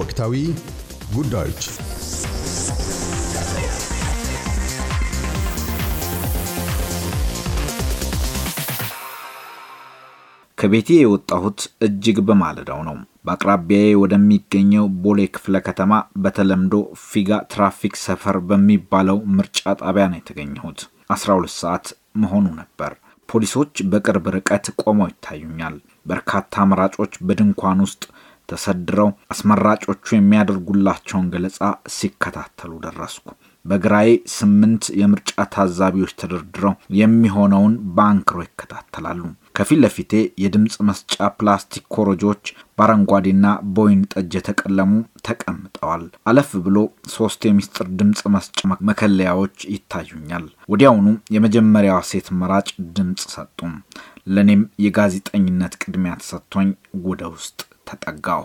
ወቅታዊ ጉዳዮች ከቤቴ የወጣሁት እጅግ በማለዳው ነው። በአቅራቢያዬ ወደሚገኘው ቦሌ ክፍለ ከተማ በተለምዶ ፊጋ ትራፊክ ሰፈር በሚባለው ምርጫ ጣቢያ ነው የተገኘሁት። 12 ሰዓት መሆኑ ነበር። ፖሊሶች በቅርብ ርቀት ቆመው ይታዩኛል። በርካታ መራጮች በድንኳን ውስጥ ተሰድረው አስመራጮቹ የሚያደርጉላቸውን ገለጻ ሲከታተሉ ደረስኩ። በግራዬ ስምንት የምርጫ ታዛቢዎች ተደርድረው የሚሆነውን በአንክሮ ይከታተላሉ። ከፊት ለፊቴ የድምፅ መስጫ ፕላስቲክ ኮረጆች በአረንጓዴና በወይን ጠጅ የተቀለሙ ተቀምጠዋል። አለፍ ብሎ ሶስት የሚስጥር ድምፅ መስጫ መከለያዎች ይታዩኛል። ወዲያውኑ የመጀመሪያዋ ሴት መራጭ ድምፅ ሰጡም። ለእኔም የጋዜጠኝነት ቅድሚያ ተሰጥቶኝ ወደ ውስጥ ተጠጋው።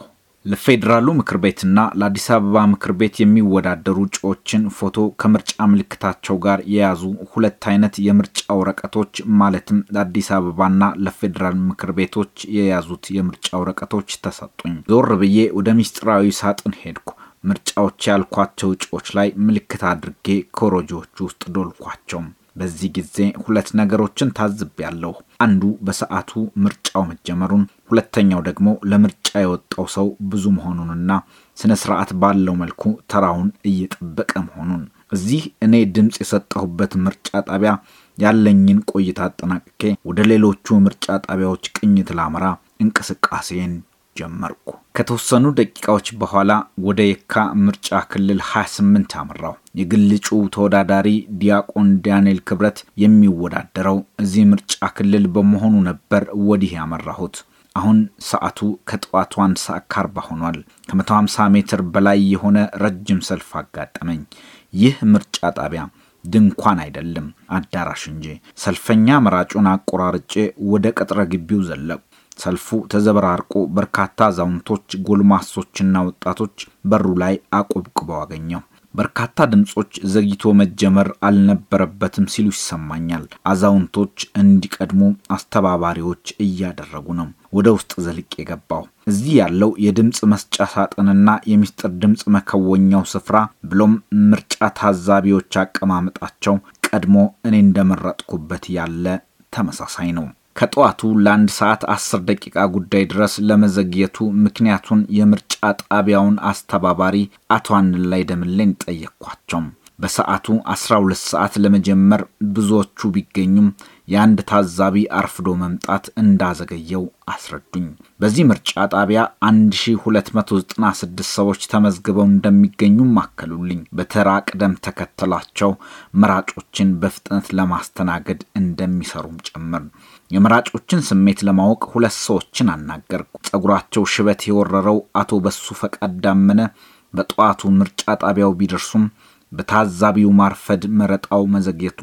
ለፌዴራሉ ምክር ቤትና ለአዲስ አበባ ምክር ቤት የሚወዳደሩ እጩዎችን ፎቶ ከምርጫ ምልክታቸው ጋር የያዙ ሁለት አይነት የምርጫ ወረቀቶች ማለትም ለአዲስ አበባና ለፌዴራል ምክር ቤቶች የያዙት የምርጫ ወረቀቶች ተሰጡኝ። ዞር ብዬ ወደ ምስጢራዊ ሳጥን ሄድኩ። ምርጫዎች ያልኳቸው እጩዎች ላይ ምልክት አድርጌ ከሮጆዎቹ ውስጥ ዶልኳቸውም። በዚህ ጊዜ ሁለት ነገሮችን ታዝቤያለሁ። አንዱ በሰዓቱ ምርጫው መጀመሩን፣ ሁለተኛው ደግሞ ለምርጫ የወጣው ሰው ብዙ መሆኑንና ስነ ስርዓት ባለው መልኩ ተራውን እየጠበቀ መሆኑን። እዚህ እኔ ድምፅ የሰጠሁበት ምርጫ ጣቢያ ያለኝን ቆይታ አጠናቅቄ ወደ ሌሎቹ ምርጫ ጣቢያዎች ቅኝት ላመራ እንቅስቃሴን ጀመርኩ። ከተወሰኑ ደቂቃዎች በኋላ ወደ የካ ምርጫ ክልል 28 አመራው። የግልጩ ተወዳዳሪ ዲያቆን ዳንኤል ክብረት የሚወዳደረው እዚህ ምርጫ ክልል በመሆኑ ነበር ወዲህ ያመራሁት። አሁን ሰዓቱ ከጠዋቱ አንድ ሰዓት ከአርባ ሆኗል። ከ150 ሜትር በላይ የሆነ ረጅም ሰልፍ አጋጠመኝ። ይህ ምርጫ ጣቢያ ድንኳን አይደለም፣ አዳራሽ እንጂ። ሰልፈኛ መራጩን አቆራርጬ ወደ ቅጥረ ግቢው ዘለቁ። ሰልፉ ተዘበራርቆ በርካታ አዛውንቶች፣ ጎልማሶችና ወጣቶች በሩ ላይ አቆብቅበው አገኘው። በርካታ ድምጾች ዘግይቶ መጀመር አልነበረበትም ሲሉ ይሰማኛል። አዛውንቶች እንዲቀድሙ አስተባባሪዎች እያደረጉ ነው። ወደ ውስጥ ዘልቅ የገባው እዚህ ያለው የድምፅ መስጫ ሳጥንና የሚስጥር ድምፅ መከወኛው ስፍራ ብሎም ምርጫ ታዛቢዎች አቀማመጣቸው ቀድሞ እኔ እንደመረጥኩበት ያለ ተመሳሳይ ነው። ከጠዋቱ ለአንድ ሰዓት አስር ደቂቃ ጉዳይ ድረስ ለመዘግየቱ ምክንያቱን የምርጫ ጣቢያውን አስተባባሪ አቶ አንላይ ደምለኝ ጠየቅኳቸው። በሰዓቱ 12 ሰዓት ለመጀመር ብዙዎቹ ቢገኙም የአንድ ታዛቢ አርፍዶ መምጣት እንዳዘገየው አስረዱኝ። በዚህ ምርጫ ጣቢያ 1296 ሰዎች ተመዝግበው እንደሚገኙ ማከሉልኝ በተራ ቅደም ተከተላቸው መራጮችን በፍጥነት ለማስተናገድ እንደሚሰሩም ጭምር። የመራጮችን ስሜት ለማወቅ ሁለት ሰዎችን አናገርኩ። ጸጉራቸው ሽበት የወረረው አቶ በሱ ፈቃድ ዳመነ በጠዋቱ ምርጫ ጣቢያው ቢደርሱም በታዛቢው ማርፈድ መረጣው መዘግየቱ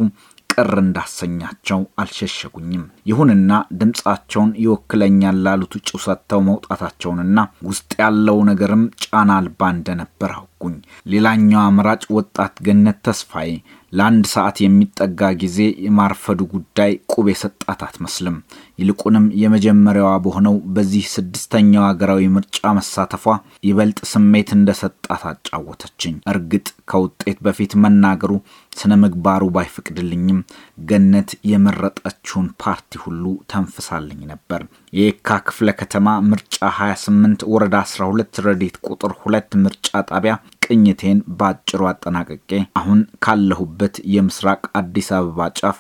ቅር እንዳሰኛቸው አልሸሸጉኝም። ይሁንና ድምፃቸውን ይወክለኛል ላሉት እጩ ሰጥተው መውጣታቸውንና ውስጥ ያለው ነገርም ጫና አልባ እንደነበር አውቅ ተኩኝ። ሌላኛው አምራጭ ወጣት ገነት ተስፋዬ ለአንድ ሰዓት የሚጠጋ ጊዜ የማርፈዱ ጉዳይ ቁብ የሰጣት አትመስልም። ይልቁንም የመጀመሪያዋ በሆነው በዚህ ስድስተኛው ሀገራዊ ምርጫ መሳተፏ ይበልጥ ስሜት እንደሰጣት አጫወተችኝ። እርግጥ ከውጤት በፊት መናገሩ ስነ ምግባሩ ባይፈቅድልኝም ገነት የመረጠችውን ፓርቲ ሁሉ ተንፍሳልኝ ነበር። የየካ ክፍለ ከተማ ምርጫ 28 ወረዳ 12 ረዴት ቁጥር ሁለት ምርጫ ጣቢያ ቅኝቴን በአጭሩ አጠናቅቄ አሁን ካለሁበት የምስራቅ አዲስ አበባ ጫፍ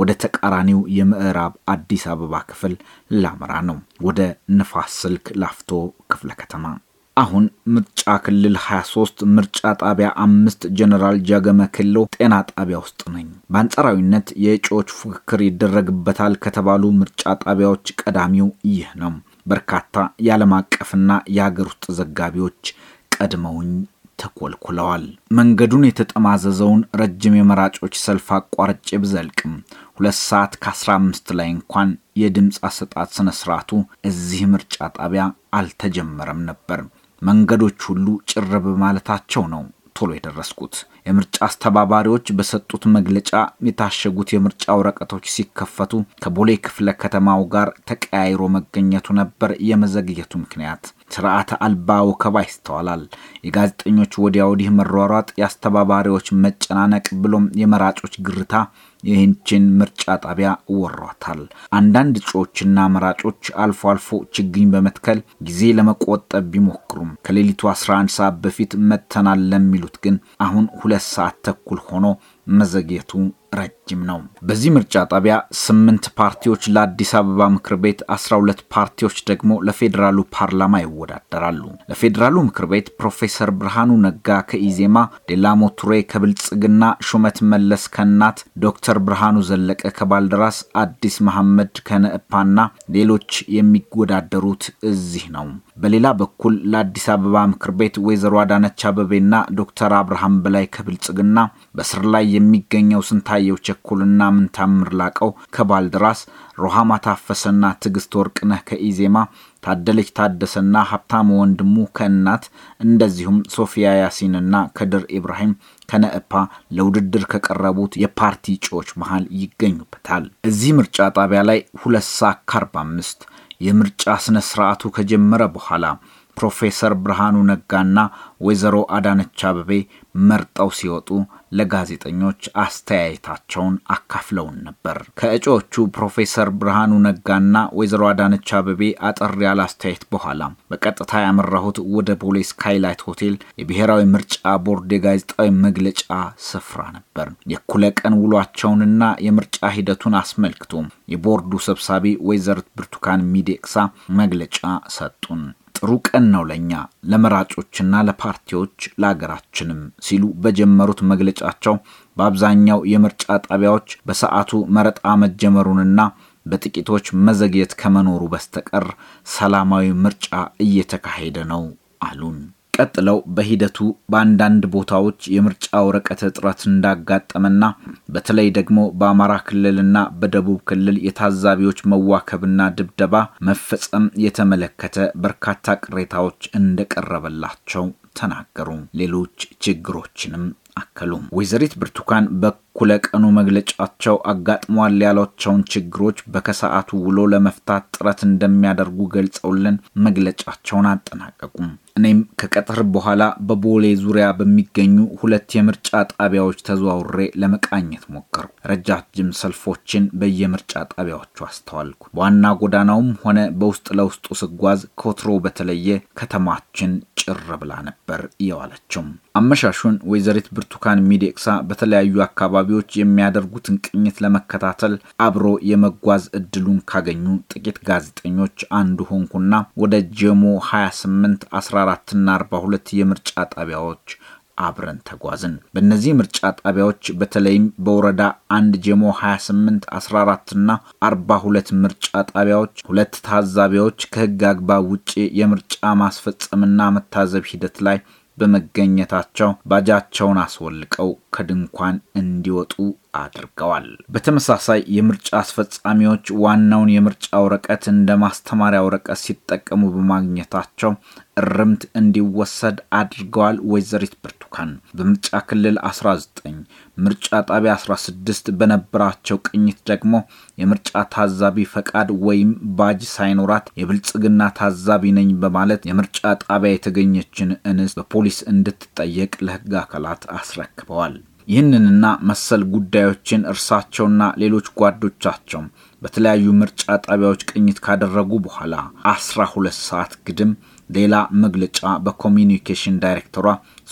ወደ ተቃራኒው የምዕራብ አዲስ አበባ ክፍል ላመራ ነው። ወደ ንፋስ ስልክ ላፍቶ ክፍለ ከተማ አሁን ምርጫ ክልል 23 ምርጫ ጣቢያ አምስት ጀነራል ጃገመ ኬሎ ጤና ጣቢያ ውስጥ ነኝ። በአንጻራዊነት የእጩዎች ፉክክር ይደረግበታል ከተባሉ ምርጫ ጣቢያዎች ቀዳሚው ይህ ነው። በርካታ የዓለም አቀፍና የሀገር ውስጥ ዘጋቢዎች ቀድመውኝ ተኮልኩለዋል። መንገዱን የተጠማዘዘውን ረጅም የመራጮች ሰልፍ አቋርጬ ብዘልቅም ሁለት ሰዓት ከ15 ላይ እንኳን የድምፅ አሰጣት ስነ ስርዓቱ እዚህ ምርጫ ጣቢያ አልተጀመረም ነበር። መንገዶች ሁሉ ጭር በማለታቸው ነው ቶሎ የደረስኩት። የምርጫ አስተባባሪዎች በሰጡት መግለጫ የታሸጉት የምርጫ ወረቀቶች ሲከፈቱ ከቦሌ ክፍለ ከተማው ጋር ተቀያይሮ መገኘቱ ነበር የመዘግየቱ ምክንያት። ስርዓተ አልባ ወከባ ይስተዋላል። የጋዜጠኞች ወዲያ ወዲህ መሯሯጥ፣ የአስተባባሪዎች መጨናነቅ ብሎም የመራጮች ግርታ ይህችን ምርጫ ጣቢያ ወሯታል። አንዳንድ እጩዎችና መራጮች አልፎ አልፎ ችግኝ በመትከል ጊዜ ለመቆጠብ ቢሞክሩም ከሌሊቱ 11 ሰዓት በፊት መጥተናል ለሚሉት ግን አሁን ሁለት ሰዓት ተኩል ሆኖ መዘግየቱ ረጅ ረጅም ነው። በዚህ ምርጫ ጣቢያ ስምንት ፓርቲዎች ለአዲስ አበባ ምክር ቤት፣ አስራ ሁለት ፓርቲዎች ደግሞ ለፌዴራሉ ፓርላማ ይወዳደራሉ። ለፌዴራሉ ምክር ቤት ፕሮፌሰር ብርሃኑ ነጋ ከኢዜማ፣ ዴላሞ ቱሬ ከብልጽግና፣ ሹመት መለስ ከእናት፣ ዶክተር ብርሃኑ ዘለቀ ከባልደራስ፣ አዲስ መሐመድ ከነእፓና ሌሎች የሚወዳደሩት እዚህ ነው። በሌላ በኩል ለአዲስ አበባ ምክር ቤት ወይዘሮ አዳነች አበቤና ዶክተር አብርሃም በላይ ከብልጽግና፣ በስር ላይ የሚገኘው ስንታየው ምን ታምር ላቀው ከባልድራስ፣ ሮሃማ ታፈሰና ትዕግስት ወርቅነህ ከኢዜማ፣ ታደለች ታደሰና ሀብታም ወንድሙ ከእናት እንደዚሁም ሶፊያ ያሲንና ከድር ኢብራሂም ከነእፓ ለውድድር ከቀረቡት የፓርቲ እጩዎች መሃል ይገኙበታል። እዚህ ምርጫ ጣቢያ ላይ ሁለት ሰዓት ከአርባ አምስት የምርጫ ስነ ስርዓቱ ከጀመረ በኋላ ፕሮፌሰር ብርሃኑ ነጋና ወይዘሮ አዳነች አበቤ መርጠው ሲወጡ ለጋዜጠኞች አስተያየታቸውን አካፍለውን ነበር። ከእጩዎቹ ፕሮፌሰር ብርሃኑ ነጋና ወይዘሮ አዳነች አበቤ አጠር ያለ አስተያየት በኋላ በቀጥታ ያመራሁት ወደ ቦሌ ስካይላይት ሆቴል የብሔራዊ ምርጫ ቦርድ የጋዜጣዊ መግለጫ ስፍራ ነበር። የእኩለ ቀን ውሏቸውንና የምርጫ ሂደቱን አስመልክቶ የቦርዱ ሰብሳቢ ወይዘሮት ብርቱካን ሚዴቅሳ መግለጫ ሰጡን። ጥሩ ቀን ነው ለእኛ ለመራጮችና ለፓርቲዎች ለአገራችንም ሲሉ በጀመሩት መግለጫቸው በአብዛኛው የምርጫ ጣቢያዎች በሰዓቱ መረጣ መጀመሩንና በጥቂቶች መዘግየት ከመኖሩ በስተቀር ሰላማዊ ምርጫ እየተካሄደ ነው አሉን። ቀጥለው በሂደቱ በአንዳንድ ቦታዎች የምርጫ ወረቀት እጥረት እንዳጋጠመና በተለይ ደግሞ በአማራ ክልልና በደቡብ ክልል የታዛቢዎች መዋከብና ድብደባ መፈጸም የተመለከተ በርካታ ቅሬታዎች እንደቀረበላቸው ተናገሩ። ሌሎች ችግሮችንም አከሉ። ወይዘሪት ብርቱካን በ እኩለቀኑ መግለጫቸው አጋጥሟል ያሏቸውን ችግሮች በከሰዓቱ ውሎ ለመፍታት ጥረት እንደሚያደርጉ ገልጸውልን መግለጫቸውን አጠናቀቁም። እኔም ከቀጥር በኋላ በቦሌ ዙሪያ በሚገኙ ሁለት የምርጫ ጣቢያዎች ተዘዋውሬ ለመቃኘት ሞከርኩ። ረጃጅም ሰልፎችን በየምርጫ ጣቢያዎቹ አስተዋልኩ። በዋና ጎዳናውም ሆነ በውስጥ ለውስጡ ስጓዝ ከወትሮ በተለየ ከተማችን ጭር ብላ ነበር የዋለችው። አመሻሹን ወይዘሪት ብርቱካን ሚዴቅሳ በተለያዩ አካባቢ አካባቢዎች የሚያደርጉትን ቅኝት ለመከታተል አብሮ የመጓዝ እድሉን ካገኙ ጥቂት ጋዜጠኞች አንዱ ሆንኩና ወደ ጀሞ 28 14ና 42 የምርጫ ጣቢያዎች አብረን ተጓዝን። በእነዚህ ምርጫ ጣቢያዎች በተለይም በወረዳ አንድ ጀሞ 28 14 እና 42 ምርጫ ጣቢያዎች ሁለት ታዛቢዎች ከህግ አግባብ ውጭ የምርጫ ማስፈጸምና መታዘብ ሂደት ላይ በመገኘታቸው ባጃቸውን አስወልቀው ከድንኳን እንዲወጡ አድርገዋል። በተመሳሳይ የምርጫ አስፈጻሚዎች ዋናውን የምርጫ ወረቀት እንደ ማስተማሪያ ወረቀት ሲጠቀሙ በማግኘታቸው እርምት እንዲወሰድ አድርገዋል። ወይዘሪት ብርቱካን በምርጫ ክልል 19 ምርጫ ጣቢያ 16 በነበራቸው ቅኝት ደግሞ የምርጫ ታዛቢ ፈቃድ ወይም ባጅ ሳይኖራት የብልጽግና ታዛቢ ነኝ በማለት የምርጫ ጣቢያ የተገኘችን እንስት በፖሊስ እንድትጠየቅ ለሕግ አካላት አስረክበዋል። ይህንንና መሰል ጉዳዮችን እርሳቸውና ሌሎች ጓዶቻቸው በተለያዩ ምርጫ ጣቢያዎች ቅኝት ካደረጉ በኋላ 12 ሰዓት ግድም ሌላ መግለጫ በኮሚኒኬሽን ዳይሬክተሯ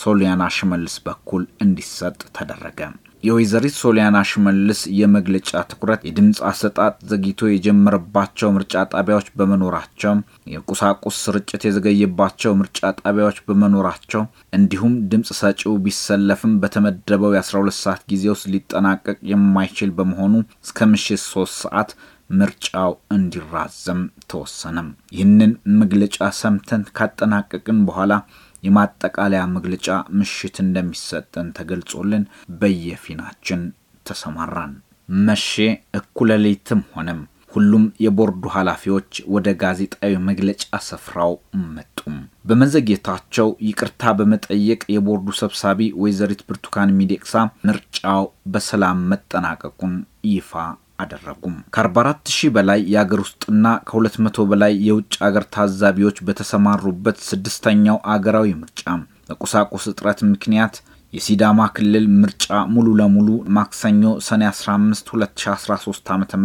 ሶሊያና ሽመልስ በኩል እንዲሰጥ ተደረገ። የወይዘሪት ሶሊያና ሽመልስ የመግለጫ ትኩረት የድምፅ አሰጣጥ ዘግይቶ የጀመረባቸው ምርጫ ጣቢያዎች በመኖራቸው፣ የቁሳቁስ ስርጭት የዘገየባቸው ምርጫ ጣቢያዎች በመኖራቸው እንዲሁም ድምፅ ሰጪው ቢሰለፍም በተመደበው የ12 ሰዓት ጊዜ ውስጥ ሊጠናቀቅ የማይችል በመሆኑ እስከ ምሽት 3 ሰዓት ምርጫው እንዲራዘም ተወሰነም። ይህንን መግለጫ ሰምተን ካጠናቀቅን በኋላ የማጠቃለያ መግለጫ ምሽት እንደሚሰጠን ተገልጾልን በየፊናችን ተሰማራን። መሼ እኩለ ሌሊትም ሆነም ሁሉም የቦርዱ ኃላፊዎች ወደ ጋዜጣዊ መግለጫ ስፍራው መጡም። በመዘግየታቸው ይቅርታ በመጠየቅ የቦርዱ ሰብሳቢ ወይዘሪት ብርቱካን ሚዴቅሳ ምርጫው በሰላም መጠናቀቁን ይፋ አደረጉም። ከ44 ሺህ በላይ የአገር ውስጥና ከ200 በላይ የውጭ አገር ታዛቢዎች በተሰማሩበት ስድስተኛው አገራዊ ምርጫ በቁሳቁስ እጥረት ምክንያት የሲዳማ ክልል ምርጫ ሙሉ ለሙሉ ማክሰኞ ሰኔ 15 2013 ዓ ም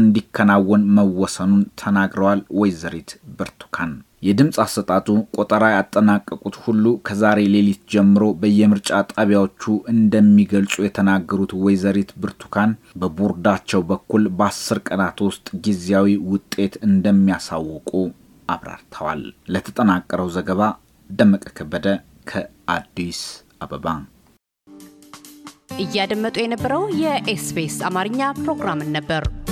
እንዲከናወን መወሰኑን ተናግረዋል ወይዘሪት ብርቱካን የድምፅ አሰጣጡ ቆጠራ ያጠናቀቁት ሁሉ ከዛሬ ሌሊት ጀምሮ በየምርጫ ጣቢያዎቹ እንደሚገልጹ የተናገሩት ወይዘሪት ብርቱካን በቦርዳቸው በኩል በአስር ቀናት ውስጥ ጊዜያዊ ውጤት እንደሚያሳውቁ አብራርተዋል። ለተጠናቀረው ዘገባ ደመቀ ከበደ ከአዲስ አበባ። እያደመጡ የነበረው የኤስቢኤስ አማርኛ ፕሮግራምን ነበር።